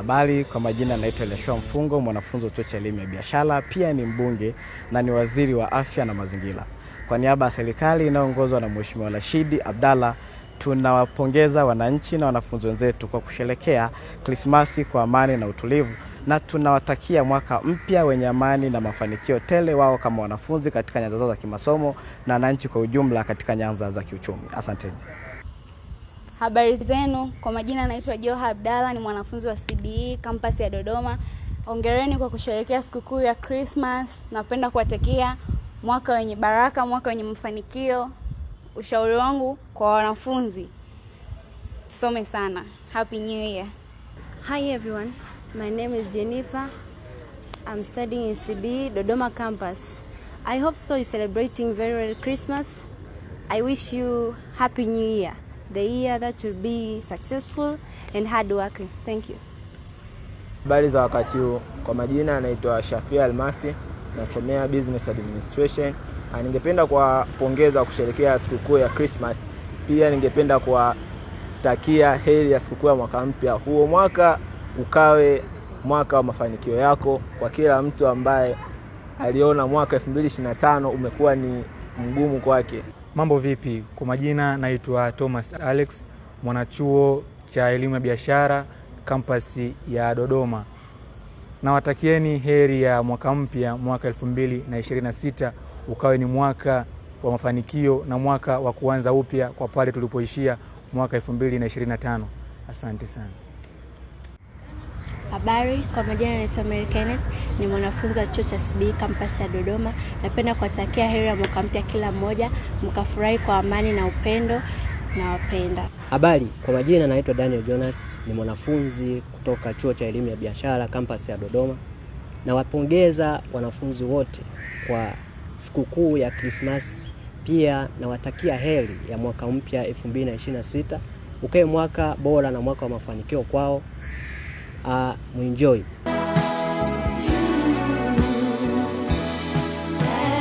Habari, kwa majina naitwa Elishua Mfungo, mwanafunzi wa chuo cha elimu ya biashara, pia ni mbunge na ni waziri wa afya na mazingira. Kwa niaba ya serikali inayoongozwa na Mheshimiwa Rashidi Abdalla, tunawapongeza wananchi na wanafunzi wenzetu kwa kusherekea Krismasi kwa amani na utulivu, na tunawatakia mwaka mpya wenye amani na mafanikio tele wao kama wanafunzi katika nyanza zao za kimasomo na wananchi kwa ujumla katika nyanza za kiuchumi. Asanteni. Habari zenu, kwa majina naitwa Joha Abdalla, ni mwanafunzi wa CBE kampasi ya Dodoma. Ongereni kwa kusherehekea sikukuu ya Christmas. Napenda kuwatakia mwaka wenye baraka, mwaka wenye mafanikio. Ushauri wangu kwa wanafunzi, tusome sana. Happy New Year. Hi everyone. My name is Jennifer. I'm studying in CBE Dodoma campus. I hope so you're celebrating very well Christmas. I wish you happy new year the year that will be successful and hard working. Thank you. Habari za wakati huu, kwa majina anaitwa Shafia Almasi, nasomea business administration. Ningependa kuwapongeza kusherekea sikukuu ya Christmas. Pia ningependa kuwatakia heri ya sikukuu ya mwaka mpya. Huo mwaka ukawe mwaka wa mafanikio yako kwa kila mtu ambaye aliona mwaka 2025 umekuwa ni mgumu kwake. Mambo vipi? Kwa majina naitwa Thomas Alex, mwanachuo cha elimu ya biashara kampasi ya Dodoma. Nawatakieni heri ya mwaka mpya, mwaka 2026 ukawe ni mwaka wa mafanikio na mwaka wa kuanza upya kwa pale tulipoishia mwaka 2025. Asante sana. Habari, kwa majina naitwa Mary Kenneth, ni mwanafunzi wa chuo cha CBE kampasi ya Dodoma. Napenda kuwatakia heri ya mwaka mpya kila mmoja, mkafurahi kwa amani na upendo na wapenda. Habari, kwa majina naitwa Daniel Jonas, ni mwanafunzi kutoka chuo cha elimu ya biashara kampasi ya Dodoma. Nawapongeza wanafunzi wote kwa sikukuu ya krismas pia nawatakia heri ya mwaka mpya 2026 ukae mwaka bora na mwaka wa mafanikio kwao uh, ah, muenjoy.